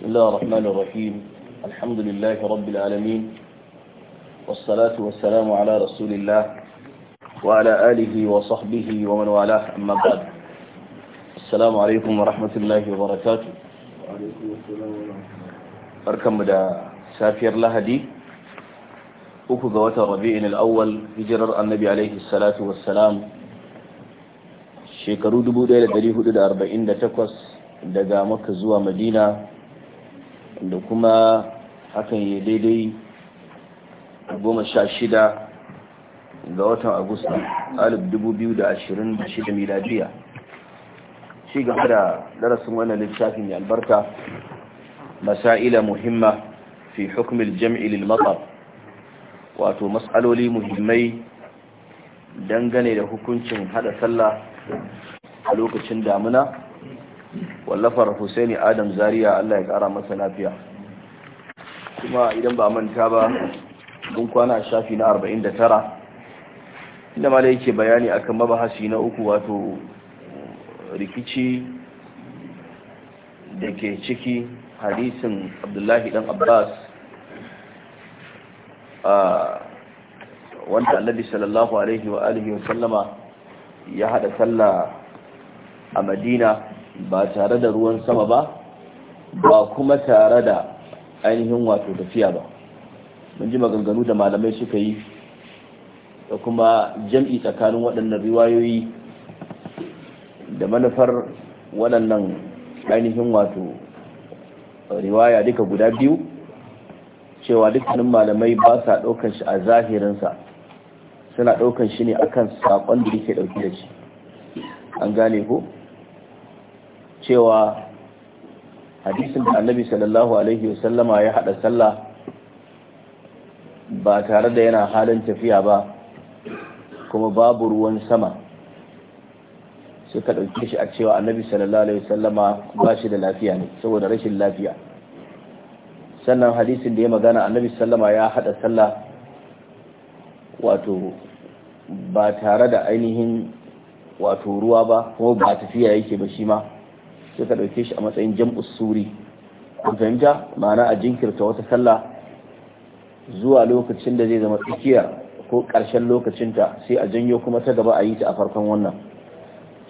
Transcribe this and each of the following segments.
بسم الله الرحمن الرحيم الحمد لله رب العالمين والصلاة والسلام على رسول الله وعلى آله وصحبه ومن والاه أما بعد السلام عليكم ورحمة الله وبركاته وعليكم السلام ورحمة الله أركم دا سافير لهدي uku ga watan rabi'in al'awwal hijirar annabi alaihi salatu wassalam shekaru 1448 daga maka zuwa madina da kuma hakan ya daidai goma sha shida ga watan agusta 2026 miladiya shi gaba da darasin wannan littafin ya albarka masa'ila muhimma fi hukumar jam'i wato matsaloli muhimmai dangane da hukuncin hada sallah a lokacin damuna wallafar Hussaini Adam Zariya, Allah ya kara masa lafiya kuma idan ba manta ba mun kwana shafi na 49 inda malai yake bayani akan mabahasi na uku wato rikici da ke ciki hadisin Abdullahi dan Abbas a wanda Annabi sallallahu alaihi wa alihi wa sallama ya hada sallah a Madina ba tare da ruwan sama ba ba kuma tare da ainihin wato tafiya ba mun ji maganganu da malamai suka yi da kuma jam'i tsakanin waɗannan riwayoyi da manufar waɗannan ainihin wato riwaya duka guda biyu cewa dukkanin malamai ba sa ɗaukar shi a zahirinsa suna ɗaukar shi ne akan saƙon da yake ɗauki da shi an gane ko cewa hadisin da annabi sallallahu alaihi wasallama ya hada sallah ba tare da yana halin tafiya ba kuma babu ruwan sama sai ka ɗauke shi a cewa annabi sallallahu alaihi wasallama ba shi da lafiya ne saboda rashin lafiya sannan hadisin da ya magana annabi sallama ya hada sallah wato ba tare da ainihin wato ruwa ba kuma ba tafiya yake ba shi ma sai ka shi a matsayin jam'us suri ku fahimta ma'ana a jinkirta wata sallah zuwa lokacin da zai zama tsakiyar ko ƙarshen lokacinta sai a janyo kuma ta gaba a yi ta a farkon wannan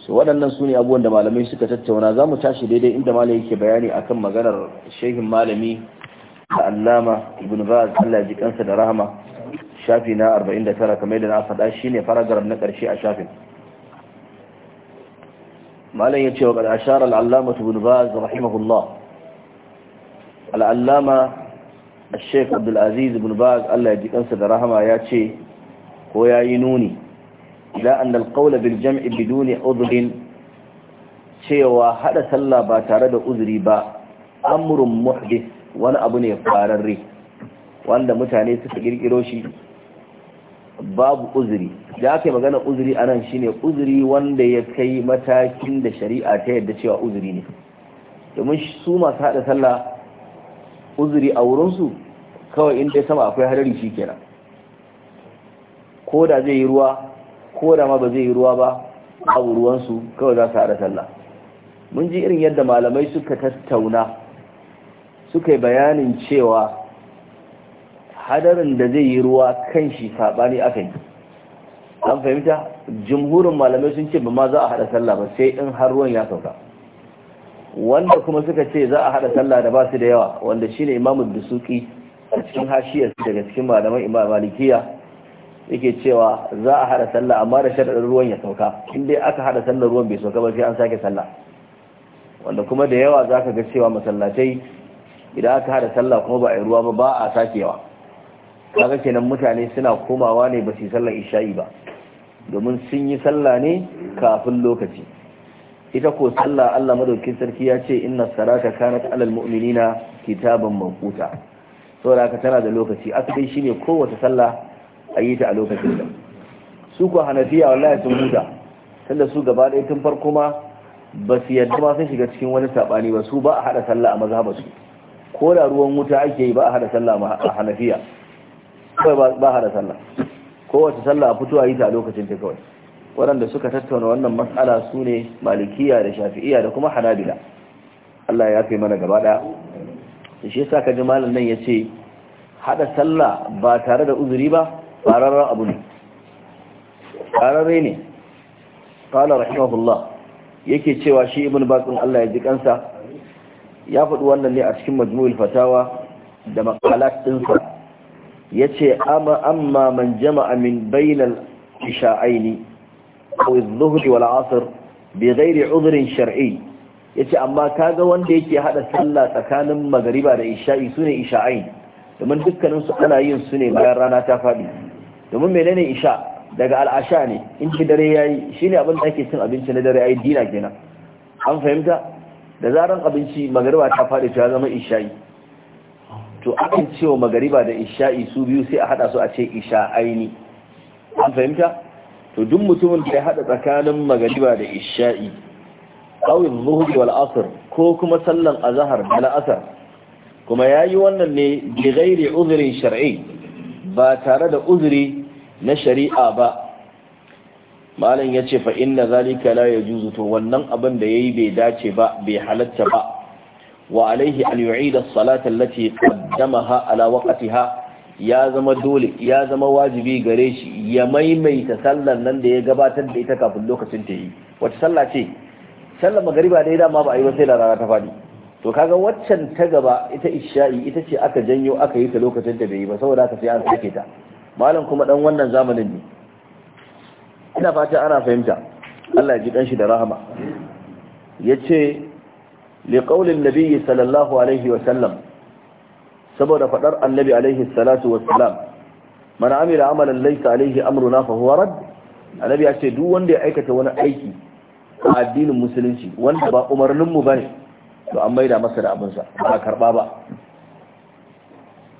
su waɗannan su ne abubuwan da malamai suka tattauna za mu tashi daidai inda malam yake bayani akan maganar shehin malami da allama ibn ba'az allah ji kansa da rahama shafi na 49 kamar yadda na faɗa shine faragraf na ƙarshe a shafin malam yace wa qad ashara al-allama ibn baz rahimahullah al-allama al-sheikh abdul aziz ibn baz Allah ya ji kansa da rahama yace ko yayi nuni ila anna al-qawla bil jam'i biduni udhrin cewa hada sallah ba tare da uzuri ba amrun muhdith wani abu ne fararre wanda mutane suka kirkiro shi babu uzuri da aka yi magana uzuri a nan shine uzuri wanda ya kai matakin da shari'a ta yadda cewa uzuri ne domin su masu haɗa sallah uzuri a wurinsu kawai inda ya sama akwai hadari shi kenan ko da zai yi ruwa ko da ma ba zai yi ruwa ba abu ruwansu kawai za su haɗa sallah mun ji irin yadda malamai suka tattauna suka yi bayanin cewa hadarin da zai yi ruwa kan shi sabani aka yi an fahimta jimhurin malamai sun ce ba ma za a haɗa sallah ba sai in har ruwan ya sauka wanda kuma suka ce za a haɗa sallah da ba su da yawa wanda shi ne imamu suki a cikin hashiyar daga cikin malaman imam malikiya yake cewa za a haɗa sallah amma da sharaɗin ruwan ya sauka in dai aka haɗa sallah ruwan bai sauka ba sai an sake sallah wanda kuma da yawa za ka ga cewa masallatai idan aka haɗa sallah kuma ba a yi ruwa ba ba a sakewa kaga kenan mutane suna komawa ne ba su sallar isha'i ba domin sun yi sallah ne kafin lokaci ita ko sallah Allah madaukin sarki ya ce inna salata kanat alal mu'minina kitaban mawquta saboda haka tana da lokaci asali shine kowace sallah a yi ta a lokacin da su ko hanafiya wallahi sun huta tunda su gaba ɗaya tun farko ma ba su yadda ma sun shiga cikin wani sabani ba su ba a hada sallah a mazhabarsu ko da ruwan wuta ake yi ba a hada sallah a hanafiya kawai ba hada sallah kowace sallah a fito a yi ta a lokacin ta kawai waɗanda suka tattauna wannan matsala su ne malikiya da shafi'iya da kuma hanabila Allah ya kai mana gaba da shi yasa ka ji malam nan ya ce haɗa sallah ba tare da uzuri ba ƙararren abu ne ƙararre ne ƙala rahimahullah yake cewa shi ibn ɗin Allah ya ji kansa ya faɗi wannan ne a cikin majmu'ul fatawa da maqalat sa. yace ce amma man jama'a min bainal isha'aini aw adh wal 'asr bighairi 'udhrin shar'i yace amma kaga wanda yake hada sallah tsakanin magariba da isha'i sune isha'ain domin dukkanin su ana yin su ne bayan rana ta fadi domin menene isha daga al'asha ne in ci dare yayi shine abin da ake cin abinci na dare ai dina kenan an fahimta da zaran abinci magariba ta fadi ta zama isha'i to akan cewa magariba da isha'i su biyu sai a hada su a ce isha'aini an fahimta to duk mutumin da ya hada tsakanin magariba da isha'i qawil zuhri wal asr ko kuma sallan azhar da la'asar kuma yayi wannan ne bi ghairi uzrin shar'i ba tare da uziri na shari'a ba malam yace fa inna zalika la yajuzu to wannan abin da yayi bai dace ba bai halatta ba وعليه أن يعيد الصلاة التي قدمها على وقتها ya zama dole ya zama wajibi gare shi ya maimaita sallar nan da ya gabatar da ita kafin lokacin ta yi Wacce sallah ce sallar magariba da dama ba a yi ba sai da rana ta fadi to kaga waccan ta gaba ita isha'i ita ce aka janyo aka yi ta lokacin ta bai yi ba saboda haka sai an sake ta malam kuma dan wannan zamanin ne ina fata ana fahimta Allah ya ji dan shi da rahama yace liƙaunin nabi sallallahu alaihi wasallam saboda faɗar annabi alaihi salatu wasallam mana amira amalan laisa alaihi amruna fa huwa rad annabi ya ce duk wanda ya aikata wani aiki a addinin musulunci wanda ba umarnin mu bane to an maida masa da abinsa ba karba ba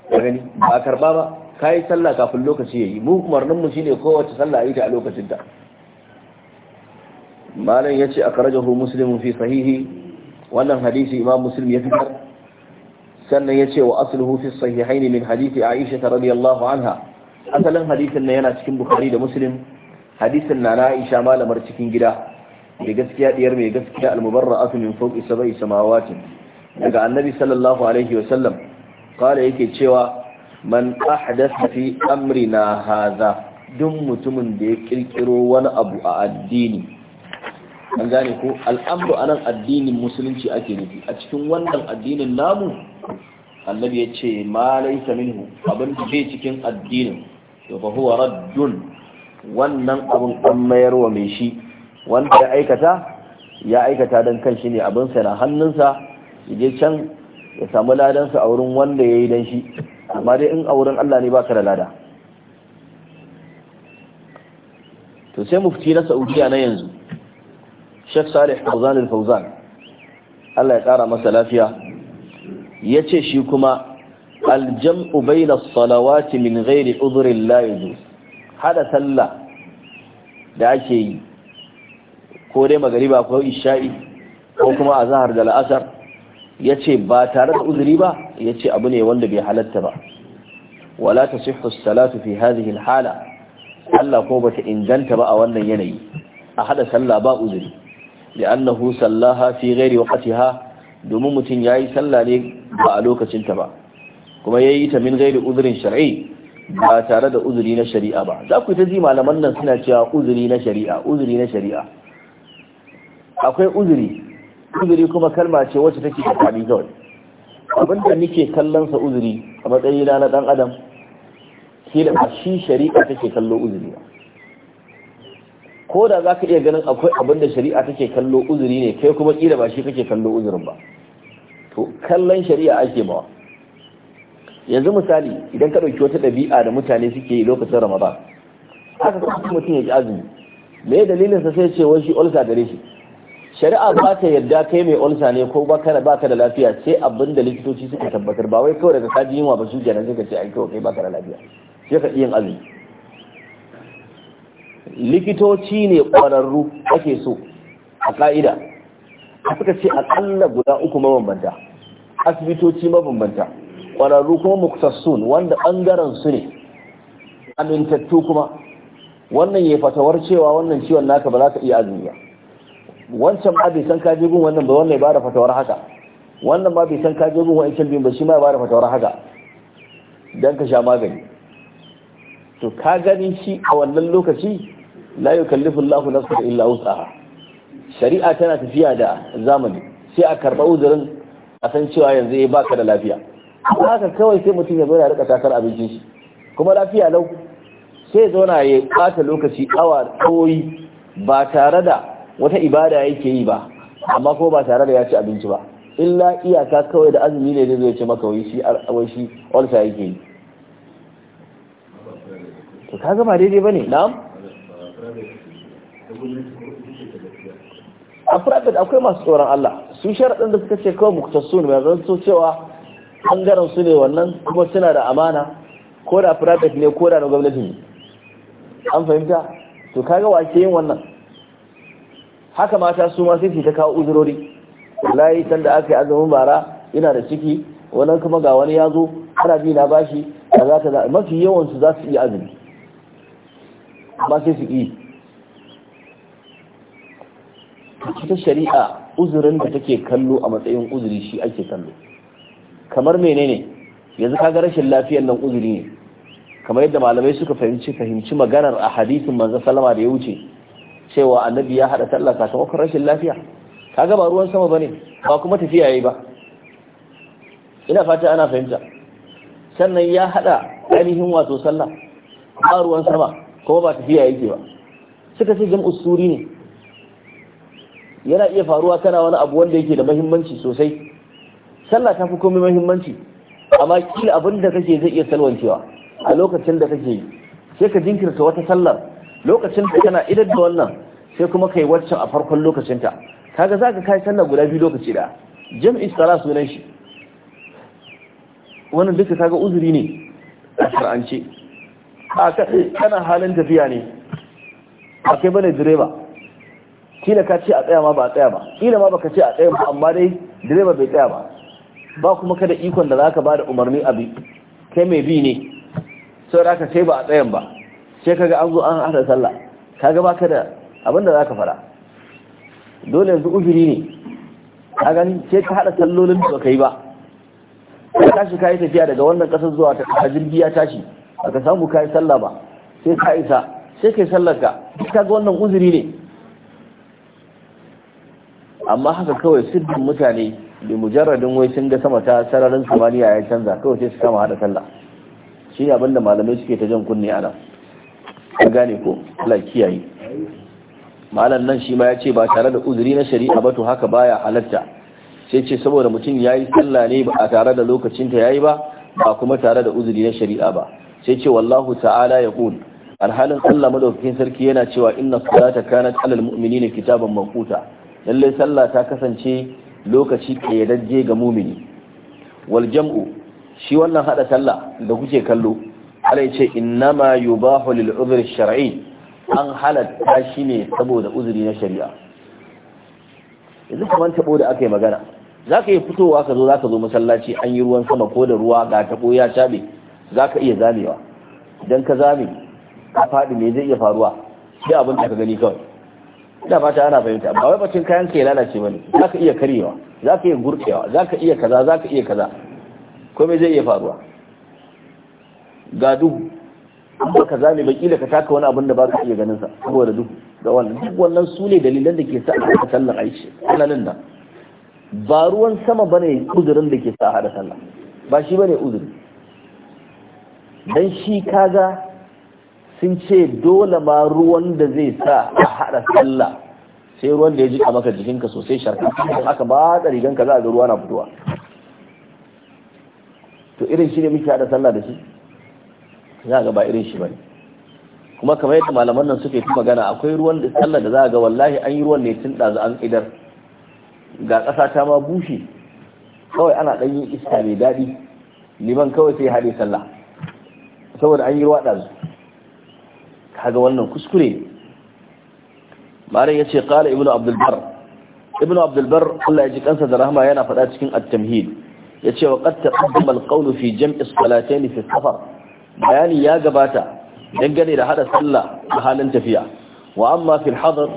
gani ba karba ba kai sallah kafin lokaci yayi mu umarnin mu shine kowace sallah yi ta a lokacin ta malam yace akhrajahu muslimun fi sahihi wannan hadisi imam muslim ya fitar sannan ya ce wa asluhu fi sahihaini min hadisi aisha radiyallahu anha asalin hadisin nan yana cikin bukhari da muslim hadisin na na aisha malamar cikin gida da gaskiya diyar mai gaskiya almubarra'atu min fawqi sab'i samawati daga annabi sallallahu alaihi wa sallam kala yake cewa man ahdatha fi amrina hadha duk mutumin da ya kirkiro wani abu a addini an gane ko al'amru anan addinin musulunci ake nufi a cikin wannan addinin namu annabi ya ce ma laisa minhu abin da bai cikin addinin to fa huwa raddun wannan abin an mayar wa mai shi wanda ya aikata ya aikata dan kan shi ne abin sa na hannunsa je can ya samu ladan ladansa a wurin wanda yayi dan shi amma dai in a wurin Allah ne baka da lada to sai mufti na Saudiya na yanzu Sheikh Salih Fauzan al-Fauzan Allah ya kara masa lafiya yace shi kuma al-jam'u bayna as-salawati min ghairi udhrin la yajuz hada sallah da ake yi ko dai magariba ko isha'i ko kuma azhar da la'asar yace ba tare da uzuri ba yace abu ne wanda bai halatta ba wala tasihhu as-salatu fi hadhihi al-hala Allah ko bata inganta ba a wannan yanayi a hada sallah ba uzuri da annahu sallaha fi ghairi waqtiha domin mutum yayi sallah ne ba a lokacin ta ba kuma yayi ta min ghairi uzrin shar'i ba tare da uzuri na shari'a ba za ku ta ji malaman nan suna cewa uzuri na shari'a uzuri na shari'a akwai uzuri uzuri kuma kalma ce wacce take da kawai abinda nake kallon sa uzuri a matsayina na dan adam shi da shi shari'a take kallo uzuri ba ko da za ka iya ganin akwai abin da shari'a take kallo uzuri ne kai kuma kila ba shi kake kallo uzurin ba to kallon shari'a ake bawa yanzu misali idan ka ɗauki wata ɗabi'a da mutane suke yi lokacin ramadan haka kuma mutum ya ji azumi me dalilinsa sai ce wai shi olsa gare shi shari'a ba ta yarda kai mai olsa ne ko ba kana ba ka da lafiya sai abin da likitoci suka tabbatar ba wai kawai daga kaji yunwa ba su kenan suka ce ai kawai kai ba ka da lafiya sai ka iya azumi likitoci ne ƙwararru ake so a ƙa'ida a suka ce aƙalla guda uku mabambanta asibitoci mabambanta ƙwararru kuma muktassun wanda ɓangaren su ne amintattu kuma wannan ya fatawar cewa wannan ciwon naka ba za ka iya azumi ba wancan ma bai san ka je gun wannan ba wannan ba da fatawar haka wannan ma bai san ka je gun wancan biyun ba shi ma ba da fatawar haka dan ka sha magani to ka gani shi a wannan lokaci la yukallifu Allahu nafsan illa wus'aha shari'a tana tafiya da zamani sai a karɓa uzurin a san cewa yanzu ya eh, baka da lafiya haka kawai sai mutum ya zo ya rika takar abincin shi kuma lafiya lau sai zauna ya bata lokaci awa ɗoyi ba tare da wata ibada yake yi ba amma ko ba tare da ya ci abinci ba illa iyaka kawai da azumi ne zai zo ce maka wai shi wai shi yake yi Ka gama daidai ba ne, na'am a private akwai masu tsoron Allah su sharaɗin da suka ce kawai muktasun mai zan so cewa ɓangaren su ne wannan kuma suna da amana ko da private ne ko da na gwamnati an fahimta to kaga wa ke yin wannan haka mata su ma sai ta kawo uzurori layi can da aka yi azumin bara ina da ciki wannan kuma ga wani ya zo ana bi na bashi za kaza mafi yawan su za su iya azumi ba sai su yi ta shari'a uzurin da take kallo a matsayin uzuri shi ake kallo kamar menene yanzu ka ga rashin lafiyar nan uzuri ne kamar yadda malamai suka fahimci fahimci maganar a hadisin manzo salama da ya wuce cewa annabi ya hada sallah sakamakon rashin lafiya kaga ba ruwan sama bane ba kuma tafiya yayi ba ina fata ana fahimta sannan ya hada ainihin wato sallah ba ruwan sama kuma ba tafiya yake ba suka ce jam'u suri ne yana iya faruwa kana wani abu wanda yake da mahimmanci sosai sallah ta fi komai mahimmanci amma kila abin da kake zai iya salwancewa a lokacin da kake yi sai ka jinkirta wata sallar lokacin da kana idan da wannan sai kuma kai waccan a farkon lokacinta kaga za ka kai sallar guda biyu lokaci da jam'i sara sunan shi wannan duka kaga uzuri ne a shar'ance a kana halin tafiya ne a kai bane direba kila ka ce a tsaya ma ba a tsaya ba kila ma baka ce a tsaya ba amma dai direba bai tsaya ba ba kuma kada ikon da zaka bada umarni a bi kai mai bi ne sau da sai ba a tsayan ba sai kaga an zo an hada sallah kaga baka da abin da zaka fara dole yanzu uzuri ne ka gani sai ka hada sallolin da baka yi ba ka tashi ka yi tafiya daga wannan kasar zuwa ta jirgi ya tashi baka samu kai sallah ba sai ka isa sai kai sallar ka ga wannan uzuri ne amma haka kawai sirrin mutane da mujarradin wai sun ga sama ta sararin samaniya ya canza kawai sai su kama hada sallah shi ne abinda malamai suke ta jan kunne ana ka gane ko Allah kiyaye malam nan shi ma ya ce ba tare da uzuri na shari'a ba to haka baya halatta sai ce saboda mutum ya yi sallah ne ba a tare da lokacinta ya yi ba ba kuma tare da uzuri na shari'a ba sai ce wallahu ta'ala ya kun alhalin Allah madaukakin sarki yana cewa inna salata kanat alal mu'minina kitaban mawquta lalle sallah ta kasance lokaci kayyadajje ga mumini wal jam'u shi wannan hada sallah da kuke kallo alai ya ce innama yubahu lil udhri shar'i an halatta shi ne saboda uzuri na shari'a yanzu kamar tabo da aka yi magana za ka yi fitowa ka zo za ka zo masallaci an yi ruwan sama ko da ruwa ga tabo ya cabe za ka iya zamewa idan ka zame ka faɗi me zai iya faruwa sai abin da ka gani kawai ina fata ana fahimta ba wai bacin kayan ka ya lalace ba ne. za ka iya karyewa za ka iya gurkewa za ka iya kaza za ka iya kaza mai zai iya faruwa ga duhu an ka zame ba kila ka taka wani abin da ba ka iya ganin sa saboda duhu ga wannan duk wannan su ne dalilan da ke sa a haɗa sallar aishi nan da ba ruwan sama ba ne uzurin da ke sa a haɗa sallar ba shi ba ne uzuri dan shi kaga sun ce dole ma ruwan da zai sa a haɗa sallah sai ruwan da ya jika maka jikinka sosai sharka haka ba da riganka za a ga ruwa na fitowa to irin shi ne muke haɗa sallah da shi za ga ba irin shi ba kuma kamar yadda malaman nan suke ta magana akwai ruwan da sallah da za ga wallahi an yi ruwan ne tun ɗazu an idar ga ƙasa ta ma bushe kawai ana ɗanyen iska mai daɗi liman kawai sai haɗe sallah saboda an yi ruwa ɗazu kaga wannan kuskure mara ya ce ƙala ibn abdulbar ibn abdulbar allah ya ji kansa da rahama yana faɗa cikin at-tamhid ya ce wa qad taqaddama al-qawl fi jam'i salatayn fi safar bayani ya gabata dangane da hada sallah a halin tafiya wa amma fil hadar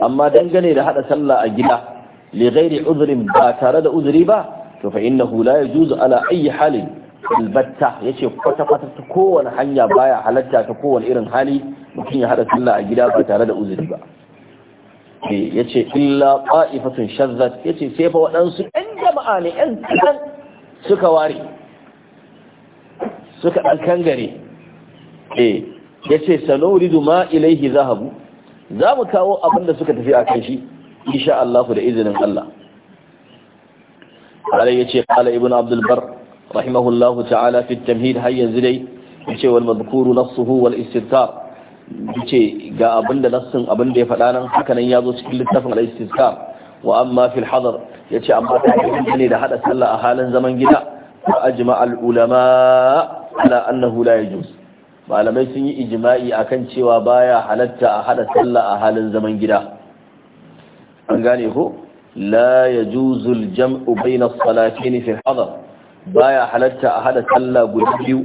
amma dangane da hada sallah a gida li ghairi udhrin ba tare da udhri ba to fa innahu la yajuzu ala ayi halin albatta ya ce kwata-kwata ta kowane hanya baya halatta ta kowane irin hali mutum ya haɗa sallah a gida ba tare da uzuri ba eh, ya ce illa ƙa'ifatun shazzat ya ce sai fa waɗansu ɗan jama'a ne ɗan kaɗan suka ware suka ɗan kangare eh, ya ce sanuridu ma ilaihi zahabu za mu kawo abin da suka tafi a kan shi insha Allah da izinin Allah. Kala ya ce, Kala Ibn Abdulbar, rahimahullahu ta'ala fi tamhid har yanzu dai yace wal madhkuru nassuhu wal istizkar yace ga abinda nassin abinda ya faɗa nan haka yazo cikin littafin al istizkar wa amma fil hadar yace amma ta ne da hada sallah a halin zaman gida fa ajma al ulama ala annahu la yajuz malamai sun yi ijma'i akan cewa baya halatta a hada sallah a halin zaman gida an gane ko la yajuzu jam'u bayna as-salatain fi hadar baya halatta a hada sallah guda biyu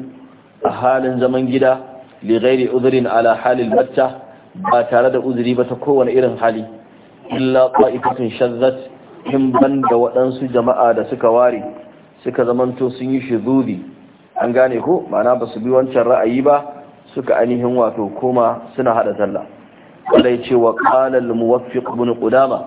a halin zaman gida li ghairi udhrin ala halil batta ba tare da uzuri ba ta kowane irin hali illa qa'ifatun shazzat in banda waɗansu jama'a da suka ware suka zamanto sun yi shuzudi an gane ko ma'ana ba su bi wancan ra'ayi ba suka ainihin wato koma suna hada sallah kwallai ce wa qala al-muwaffiq ibn qudama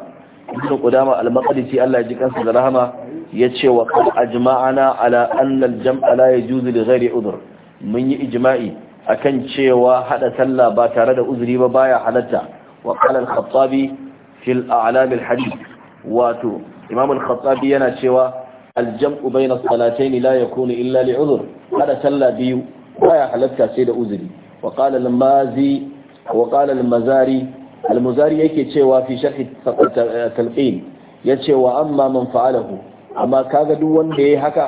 ibn qudama al-maqdisi Allah ya ji kansa da rahama yace wa qad ajma'ana ala anna al-jam'a la yajuzu li ghairi udhr mun yi ijma'i akan cewa hada sallah ba tare da uzuri ba baya halatta wa qala al-khattabi fi al-a'lam al-hadith wato imam al-khattabi yana cewa al-jam'u bayna as-salatayn la yakunu illa li udhr hada sallah biyu baya halatta sai da uzuri wa qala al-mazi wa qala al-mazari al-muzari yake cewa fi sharh at-talqin yace wa amma man fa'alahu amma kaga duk wanda ya haka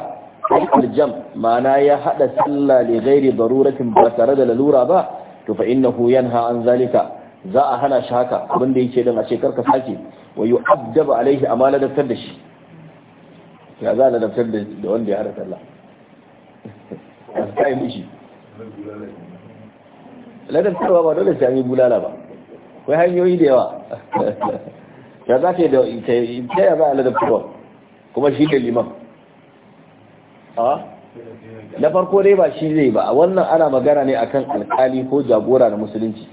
aljam ma'ana ya hada sallah li ghairi daruratin ba tare da lalura ba to fa innahu yanha an zalika za a hana shi haka abin da yake din a ce karka saki wa yu'addab alaihi amala da tar da shi ya za a tar da wanda ya hada sallah a kai mishi tarwa ba dole sai an yi bulala ba akwai hanyoyi da yawa ya za ka yi da ita ya za a tarwa kuma shi ne liman A na farko dai ba shi zai ba wannan ana magana ne akan alkali ko jagora na musulunci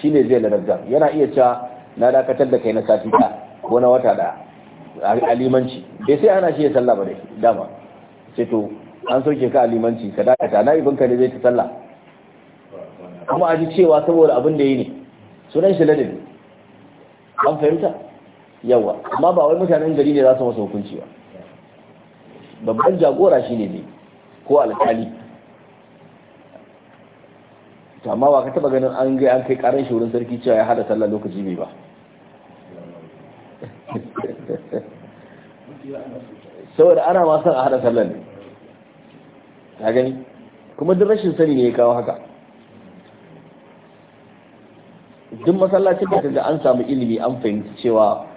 shi ne zai larabta yana iya cewa na dakatar da kai na sati ta ko na wata da alimanci bai sai ana shi ya sallah ba dai dama sai to an soke ka alimanci ka dakata na ibin ka ne zai ta sallah kuma a ji cewa saboda abin da yi ne sunan shi ladin an fahimta yawa amma ba wai mutanen gari ne za su masa hukunci ba babban jagora shine ne ko alkali to amma ba ka taba ganin an gai an kai karin shi wurin sarki cewa ya hada sallah lokaci bai ba saboda ana ma son a hada sallah ne ta gani kuma duk rashin sani ne ya kawo haka duk masallacin da an samu ilimi an fahimci cewa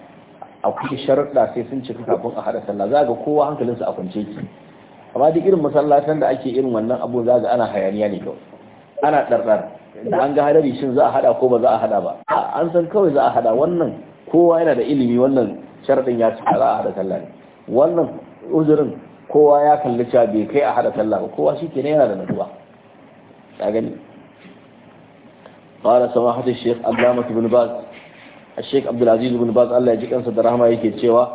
A kuke sharuɗa sai sun cika kafin a haɗa sallah za ga kowa hankalinsa a kwance ki amma duk irin masallatan da ake irin wannan abu za ga ana hayaniya ne kawai ana ɗarɗar da an ga hadari shin za a haɗa ko ba za a haɗa ba an san kawai za a haɗa wannan kowa yana da ilimi wannan sharaɗin ya cika za a haɗa sallah ne wannan uzurin kowa ya kalli cewa bai kai a haɗa sallah ba kowa shi yana da natsuwa ta gani قال سماحة الشيخ علامة بن باز الشيخ عبد العزيز بن باز الله يجيك أنسى درهما يكي تشيوا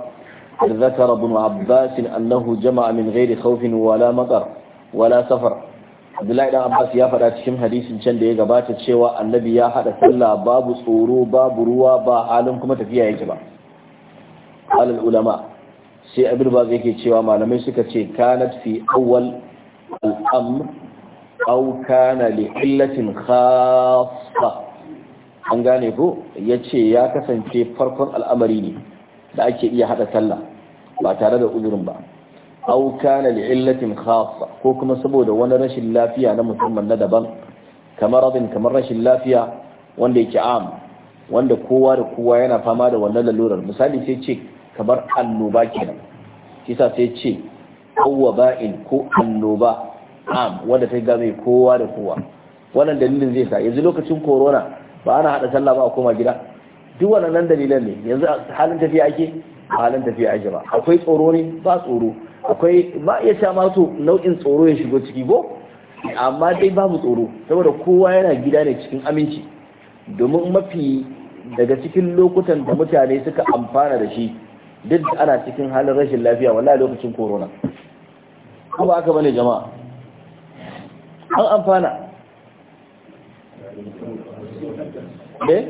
ذكر ابن عباس أنه جمع من غير خوف ولا مطر ولا سفر عبد الله بن عباس يا فدا cikin hadisin can da ya gabata cewa annabi ya hada sallah babu tsoro babu ruwa ba halin kuma tafiya yake ba alal ulama sai abin ba yake cewa malamai suka ce kanat fi awwal al-amr aw kana li illatin an gane ko ya ce ya kasance farkon al'amari ne da ake iya hada sallah ba tare da uzurin ba au kana illatin khassa ko kuma saboda wani rashin lafiya na musamman na daban kamar radin kamar rashin lafiya wanda yake am wanda kowa da kowa yana fama da wannan lalurar misali sai ce kamar annoba kenan kisa sai ce awwa ba'in ko annoba am wanda ta game kowa da kowa wannan dalilin zai sa yanzu lokacin corona ba ana haɗa sallah ba a koma gida duk wannan dalilan ne yanzu halin tafiya ake halin tafiya ake ba akwai tsoro ne ba tsoro akwai ba iya sha ma to nau'in tsoro ya shigo ciki ko amma dai babu tsoro saboda kowa yana gida ne cikin aminci domin mafi daga cikin lokutan da mutane suka amfana da shi duk da ana cikin halin rashin lafiya wallahi lokacin corona ko ba aka bane jama'a an amfana ne?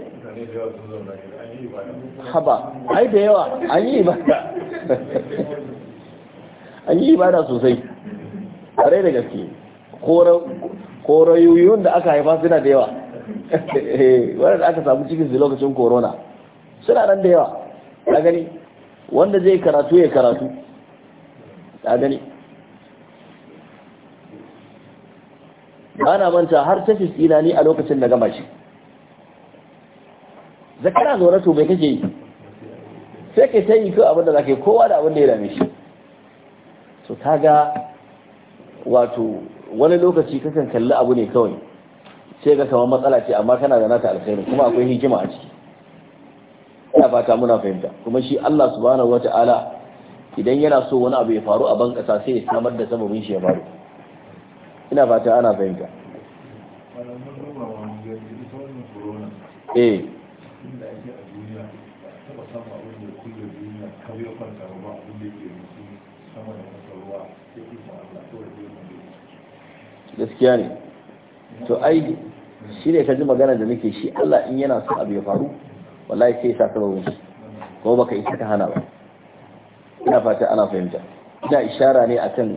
haba ai da yawa an yi ibada an yi ibada sosai kare da gaske korayuyun da aka haifa suna da yawa eh, wanda aka samu cikin su lokacin korona suna nan da yawa ta gani wanda zai karatu ya karatu ta gani na manta har tafi tsina ni a lokacin da gama shi zakara zo to bai kake yi sai ka ta yi ko abin da za ka yi kowa da abin da ya dame shi to kaga wato wani lokaci kakan kalli abu ne kawai sai ga kamar matsala ce amma kana da nata alkhairi kuma akwai hikima a ciki ina fata muna fahimta kuma shi Allah subhanahu wata'ala idan yana so wani abu ya faru a ban sai ya samar da sababin shi ya faru ina fata ana fahimta eh kawai zai kwanta ba abin da ke musu sama da masa ruwa sai ikon Allah kawai zai mutu gaskiya ne to ai shi ne ka ji magana da nake shi Allah in yana son abu ya faru wallahi sai sa sababin shi ko baka yi ka hana ba ina fata ana fahimta ina ishara ne akan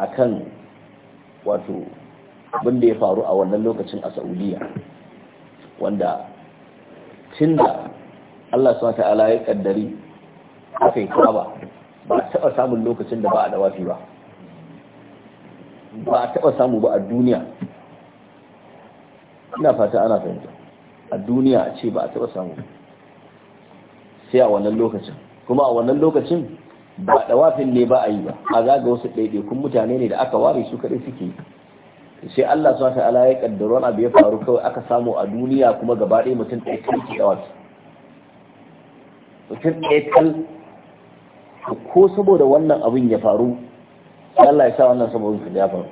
akan wato abin da ya faru a wannan lokacin a Saudiya wanda tunda Allah subhanahu ta'ala ya kaddari aka yi kaba ba a taɓa samun lokacin da ba a dawafi ba ba a taɓa samu ba a duniya ina fata ana fahimta a duniya a ce ba a taɓa samu sai a wannan lokacin kuma a wannan lokacin ba dawafin ne ba a yi ba a zaga wasu ɗaiɗaikun mutane ne da aka ware su kaɗai suke sai Allah subhanahu ta'ala ya kaddara wani abu ya faru kawai aka samu a duniya kuma gaba ɗaya mutum ɗaya kai ke dawafin mutum ɗaya kal ko saboda wannan abin ya faru Allah ya sa wannan saboda ya faru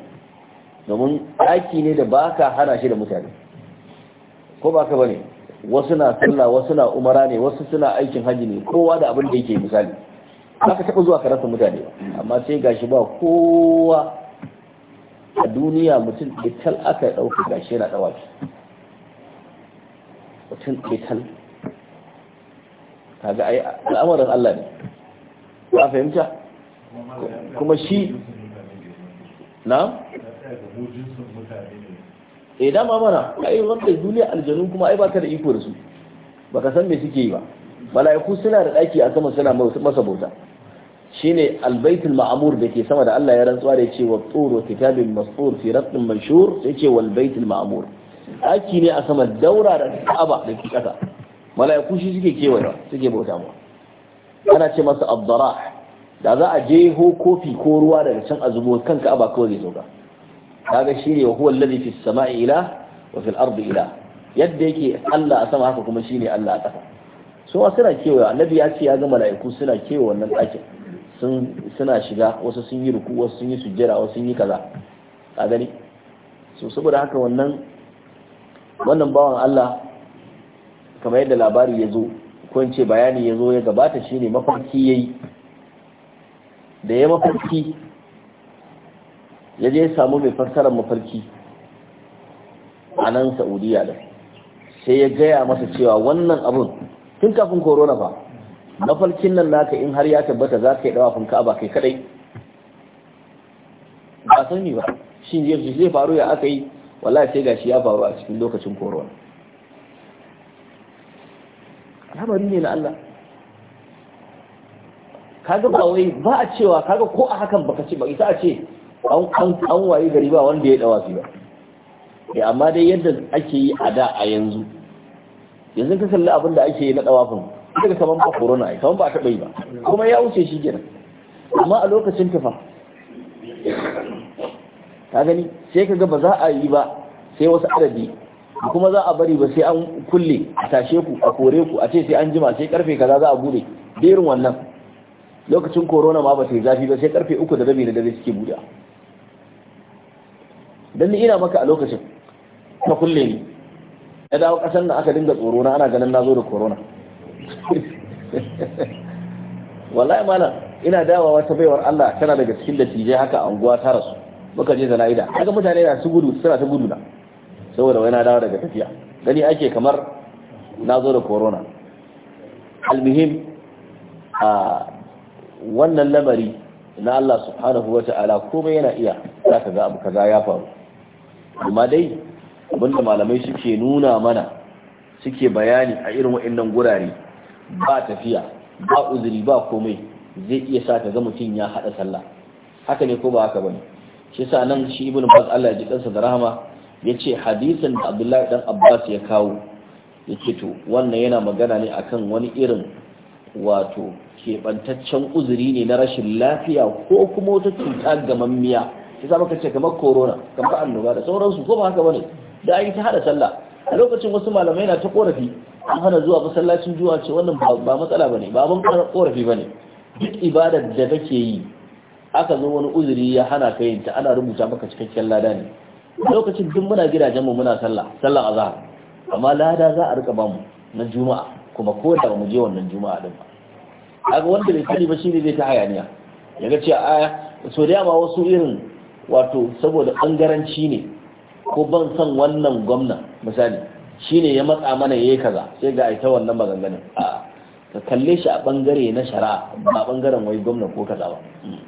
domin ɗaki ne da ba ka hana shi da mutane ko ba ka bane wasu na sallah wasu na umara ne wasu suna aikin hajji ne kowa da abin da yake misali ba ka taɓa zuwa ka mutane ba, amma sai gashi ba kowa a duniya mutum ɗaya aka ɗauka gashi yana ɗawa mutum ɗaya kaga ai al'amarin Allah ne ba fahimta kuma shi na eh dama mana ai wanda duniya aljanu kuma ai baka da iko da su baka san me suke yi ba malaiku suna da daki a sama suna masa bauta shine albaitul ma'mur da ke sama da Allah ya rantsuwa da yace wa turu kitabin masfur fi rattin manshur yace wal baitul ma'mur daki ne a sama daura da Ka'aba da ke kasa mala'iku shi suke kewaye suke bauta mu ana ce masa abdarah da za a je ho kofi ko ruwa daga can a zubo kan ka aba kawai zai sauka kaga shine wa huwa alladhi fis sama'i ila wa fil ardi ila yadda yake Allah a sama haka kuma shi ne Allah a ƙasa so suna kewaye annabi ya ce ya ga mala'iku suna kewaye wannan ɗakin sun suna shiga wasu sun yi ruku wasu sun yi sujjera wasu sun yi kaza a gani so saboda haka wannan wannan bawan Allah kamar yadda labari ya zo ko ce bayani ya zo ya gabata shi ne mafarki ya yi. da ya mafarki ya je samu mai fassarar mafarki a nan saudiya da sai ya gaya masa cewa wannan abun tun kafin korona fa mafarkin nan naka in har ya tabbata za ka yi dawafin ka'aba kai kadai ba sani ba shi zai faru ya aka yi wallahi sai gashi ya faru a cikin lokacin korona alhamari ne na Allah kaga ba wai ba a cewa kaga ko a hakan baka ce ba ita a ce an waye gari ba wanda ya dawa su ba eh amma dai yadda ake yi a da a yanzu yanzu ka salli abin da ake yi na dawafin daga kaman ba corona ai kaman ba ta bai ba kuma ya wuce shi kenan amma a lokacin fa, ka gani sai kaga ba za a yi ba sai wasu adadi kuma za a bari ba sai an kulle a tashe ku a kore ku a ce sai an jima sai karfe kaza za a bude irin wannan lokacin korona ma ba sai yi zafi ba sai karfe uku da rabi da dare suke buɗe dan ni ina maka a lokacin ka kulle ni ya dawo ƙasar nan aka dinga tsoro na ana ganin nazo da korona. wallahi malam ina dawowa ta baiwar Allah tana daga cikin dattijai haka anguwa ta rasu muka je zana'ida kaga mutane na su gudu suna ta gudu na saboda wai na dawo daga tafiya gani ake kamar na zo da corona almihim a wannan lamari na Allah subhanahu wa ta'ala komai yana iya za ka abu kaza ya faru amma dai abinda malamai suke nuna mana suke bayani a irin waɗannan gurare ba tafiya ba uzuri ba komai zai iya sa ka ga mutum ya haɗa sallah haka ne ko ba haka ne shi sa nan shi ibn Allah ya ji ɗansa da rahama ya ce hadisin da abdullahi dan abbas ya kawo ya ce to wannan yana magana ne akan wani irin wato keɓantaccen uzuri ne na rashin lafiya ko kuma wata cuta gamammiya ya sa maka ce kamar corona kamar annoba da sauransu ko ba haka bane da an yi ta hada sallah a lokacin wasu malamai na ta korafi an hana zuwa masallacin zuwa ce wannan ba matsala bane ba abin korafi bane duk ibadar da kake yi aka zo wani uzuri ya hana ka yin ta ana rubuta maka cikakken lada ne lokacin duk muna gidajen mu muna sallah sallar azhar amma lada za a rika ba mu na juma'a kuma ko da mu je wannan juma'a din kaga wanda bai sani ba shine zai ta hayaniya yaga ce a so da ba wasu irin wato saboda bangaranci ne ko ban san wannan gwamnati misali shine ya matsa mana yayi kaza sai ga ai ta wannan maganganun a ka kalle shi a bangare na shari'a ba bangaren wai gwamnati ko kaza ba hmm.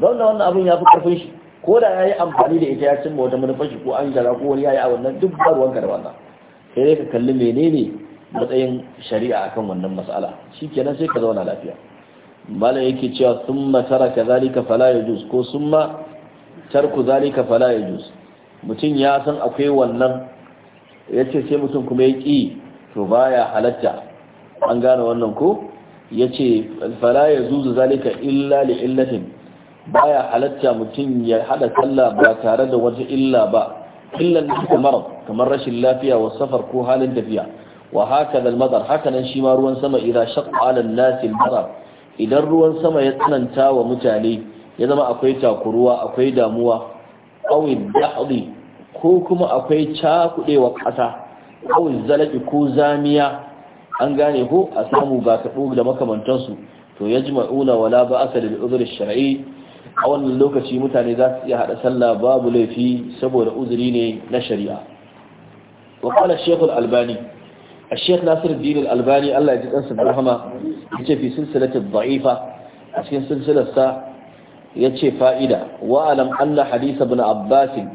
gwamna wannan abin ya fi karfin shi ko da ya yi amfani da ita ya cimma wata manufashi ko an gara ko wani ya yi a wannan duk ba ruwanka da wannan sai dai ka kalli menene matsayin shari'a akan wannan matsala shi kenan sai ka zauna lafiya malam yake cewa sun summa ka zalika fala jus ko sun summa tarku zalika fala jus mutum ya san akwai wannan yace sai mutum kuma ya ƙi to baya halatta an gane wannan ko yace fala yajuzu zalika illa li illatin baya halatta mutum ya hada sallah ba tare da wata illa ba illan da mara kamar rashin lafiya wa safar ko halin tafiya wa haka da madar haka nan shi ma ruwan sama idan shaqqa ala nasi idan ruwan sama ya tsananta wa mutane ya zama akwai takuruwa akwai damuwa awin da'di ko kuma akwai cakudewa kasa awin zalaki ko zamiya an gane ko a samu ba kaɗo da makamantansu to yajma'una wala ba'asa lil udhr shar'i a wannan lokaci mutane za su iya haɗa sallah babu laifi saboda uzuri ne na shari'a wa kala shekul albani a shek nasir din albani allah ya ji ɗansa da rahama ya ce fi silsilata da'ifa a cikin silsilarsa ya ce fa'ida wa alam anna hadisa bin abbasin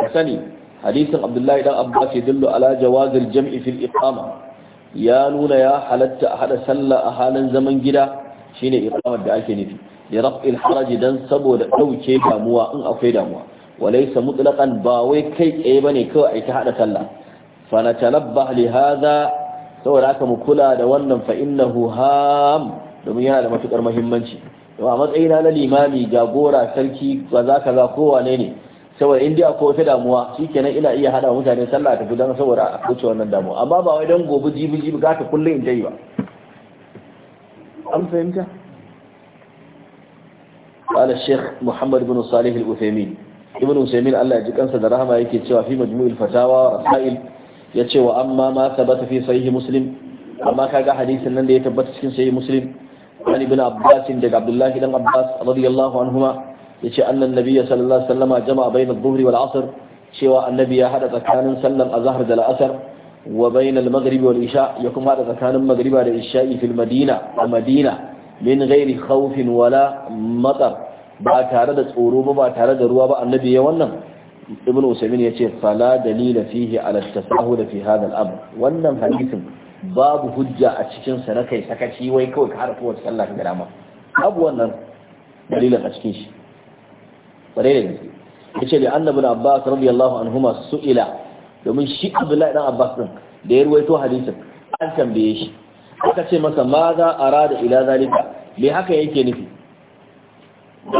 ka sani hadisin abdullahi dan abbas ya dillo ala jawazil jam'i fil iqama ya nuna ya halatta a haɗa sallah a halin zaman gida shine iqamar da ake nufi yarab raf'il dan saboda dauke damuwa in akwai damuwa walaysa mutlaqan ba wai kai tsaye bane kawai ai ta hada sallah fa natalabba li hadha saboda haka mu kula da wannan fa innahu ham domin yana da matukar muhimmanci to a matsayina na limami jagora sarki kaza ko wane ne saboda in dai akwai wata damuwa shikenan ina iya hada mutane sallah tafi don saboda a kauce wannan damuwa amma ba wai dan gobe jibi jibi ka ta kullun in tayi ba an fahimta قال الشيخ محمد بن صالح الوثيمين ابن وثيمين الله يجزاه ده رحمه yake wa fi majmu'il fatawa rasail ya ce wa amma ma thabata fi sahih muslim amma kaga hadisin nan da ya tabbata cikin sahih muslim ali ibn abbas da abdullah ibn abbas radiyallahu anhuma yace anna an-nabiy sallallahu alaihi wasallam jama'a bain adh-dhuhr wal 'asr cewa annabi ya hada tsakanin sallar azahar da al wa bain magaribi maghrib wal ya kuma hada tsakanin magariba da isha'i fil madina a madina min ghairi khawfin wala matsar ba tare da tsoro ba ba tare da ruwa ba annabi ya wannan ibn usaymin yace fala dalila fihi ala tasahul fi hadha al-amr wannan hadisin babu hujja a cikin sa na kai sakaci wai kawai ka harfa wata sallah ka dama abu wannan dalilin a cikin shi bare da gaske yace da annabi ibn abbas radiyallahu anhuma su'ila domin shi abdullahi dan abbas din da ya ruwaito hadisin an tambaye shi aka ce masa ma za a rada ila zalika me haka yake nufi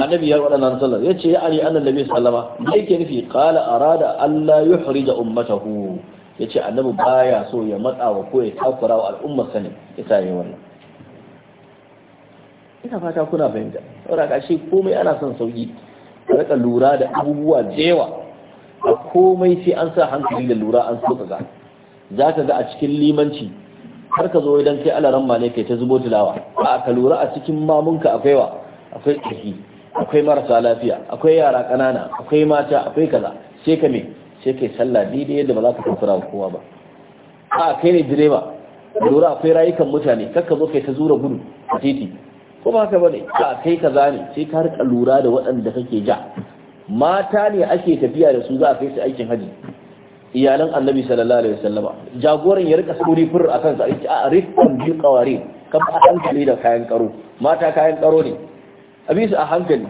annabi ya waɗannan sallar ya ce ya ari annan nabi sallama me yake nufi qala arada alla ummata ummatahu ya ce annabi baya so ya matsa wa ko ya takura wa al'ummar sani ya sa yi wannan ina fata kuna fahimta saboda shi komai ana son sauki ka rika lura da abubuwa jewa a komai sai an sa hankali da lura an so ka ga za ka ga a cikin limanci har ka zo idan kai alaran ma ne kai ta zubo tilawa a ka lura a cikin mamunka akwai wa akwai tsaki akwai marasa lafiya akwai yara ƙanana akwai mata akwai kaza sai ka me sai kai sallah daidai yadda ba za ka kafura kowa ba a kai ne direba lura akwai rayukan mutane kar ka zo kai ta zura gudu a titi ko ba ka bane a kai kaza ne sai ka harka lura da waɗanda kake ja mata ne ake tafiya da su za a kai su aikin haji iyalan annabi sallallahu alaihi wasallama jagoran ya rika suri fur a kansa a rikon bi qawari kan a hankali da kayan karo mata kayan karo ne abin su a hankali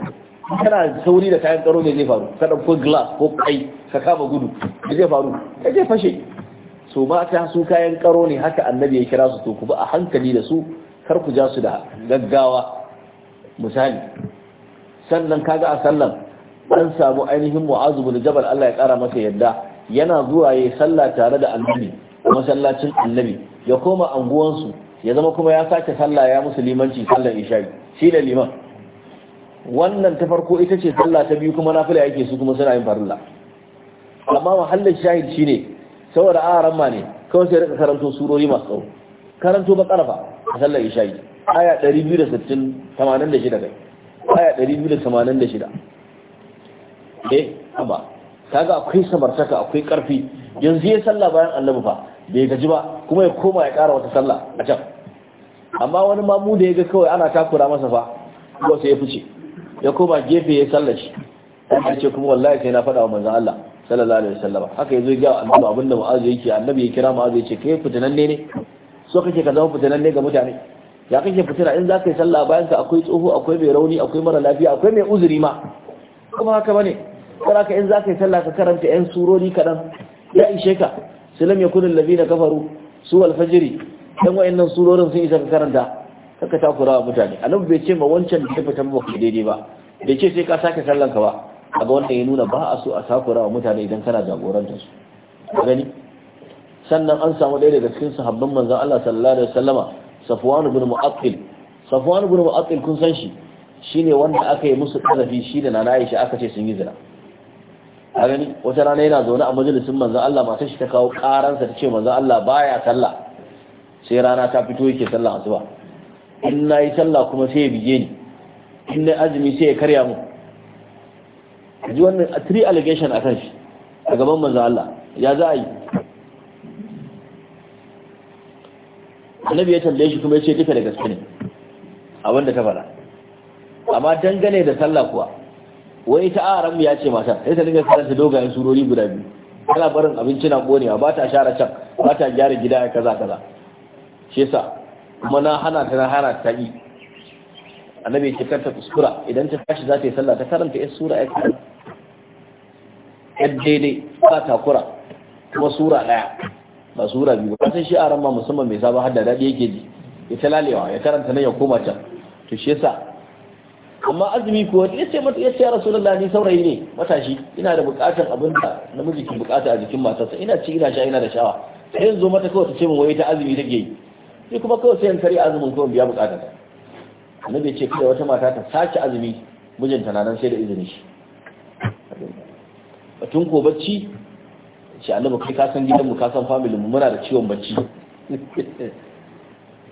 kana sauri da kayan karo ne zai faru ka dauko glass ko kai ka kama gudu zai faru ka fashe so mata su kayan karo ne haka annabi ya kira su to ku ba a hankali da su kar ku ja su da gaggawa misali sannan kaga a sallan an samu ainihin mu'azu da jabal Allah ya kara masa yadda yana zuwa ya sallah tare da annabi masallacin annabi ya koma anguwansu ya zama kuma ya sake sallah ya musu limanci sallar isha'i shi da liman wannan ta farko ita ce sallah ta biyu kuma nafila yake su kuma suna yin farilla amma mahallin shahid shine saboda a ramma ne kawai sai rika karanto surori masu tsawo karanto ba karfa a sallar isha'i aya 286 kai aya 286 eh amma kaga akwai samartaka akwai karfi yanzu ya sallah bayan annabi fa bai gaji ba kuma ya koma ya kara wata sallah a can amma wani mamu da ya ga kawai ana takura masa fa ko sai ya fice ya koma gefe ya sallar shi ya ce kuma wallahi sai na faɗa wa manzon Allah sallallahu alaihi wasallam haka yazo ga annabi abinda mu'azu yake annabi ya kira mu'azu ya ce kai fitinan ne so kake ka zama ne ga mutane ya kake fitina in za ka yi sallah bayan ka akwai tsoho akwai mai rauni akwai mara lafiya akwai mai uzuri ma kuma haka bane saraka in zaka yi sallah ka karanta yan surori kaɗan ya ishe ka silam ya kunin labi na kafaru su alfajiri dan wa'annan surorin sun isa ka karanta kaka takura wa mutane annabi bai ce ma wancan da ya fita ba daidai ba bai ce sai ka sake sallan ka ba kaga wannan ya nuna ba a so a takura wa mutane idan kana jagorantar su gani sannan an samu ɗaya daga cikin sahabban manzon Allah sallallahu alaihi wasallama Safwan ibn Mu'attil Safwan ibn Mu'attil kun san shi shine wanda aka yi musu ƙarafi shi da Nana Aisha aka ce sun yi zina A gani wata rana yana zaune a majalisin manzo Allah matar shi ta kawo karansa ta ce manzon Allah baya sallah sai rana ta fito yake sallah asuba in nayi sallah kuma sai ya bige ni in nayi azumi sai ya karya mu ji wannan three allegation kan shi a gaban manzo Allah ya za a yi annabi ya tambaye shi kuma ya ce duka da gaske ne abin da ta faɗa amma dangane da sallah kuwa wai ta aram ya ce mata sai ta dinga karanta dogayen surori guda biyu tana barin abinci na konewa ba ta share can ba ta gyara gida ya kaza kaza shi yasa kuma na hana ta na hana ta yi annabi ya ce karta kuskura idan ta tashi za ta yi sallah ta karanta ya sura ya karanta ya daidai ba takura kuma sura daya ba sura biyu ba sai shi aran ma musamman mai sabon hadda daɗi yake ji ya ta lalewa ya karanta nan ya koma can to shi yasa amma azumi kuwa ya ce mata ya ce rasulullah ni saurayi ne matashi ina da bukatar abin da namiji ke bukata a jikin matarsa ina ci ina sha ina da shawa sai yanzu mata kawai ta ce min wai ta azumi take yi sai kuma kawai sai in kare azumin kawai biya bukata ta annabi ce kada wata mata ta sace azumi mijinta na nan sai da izini shi batun ko bacci shi annabi kai ka san gidanmu ka san family mu muna da ciwon bacci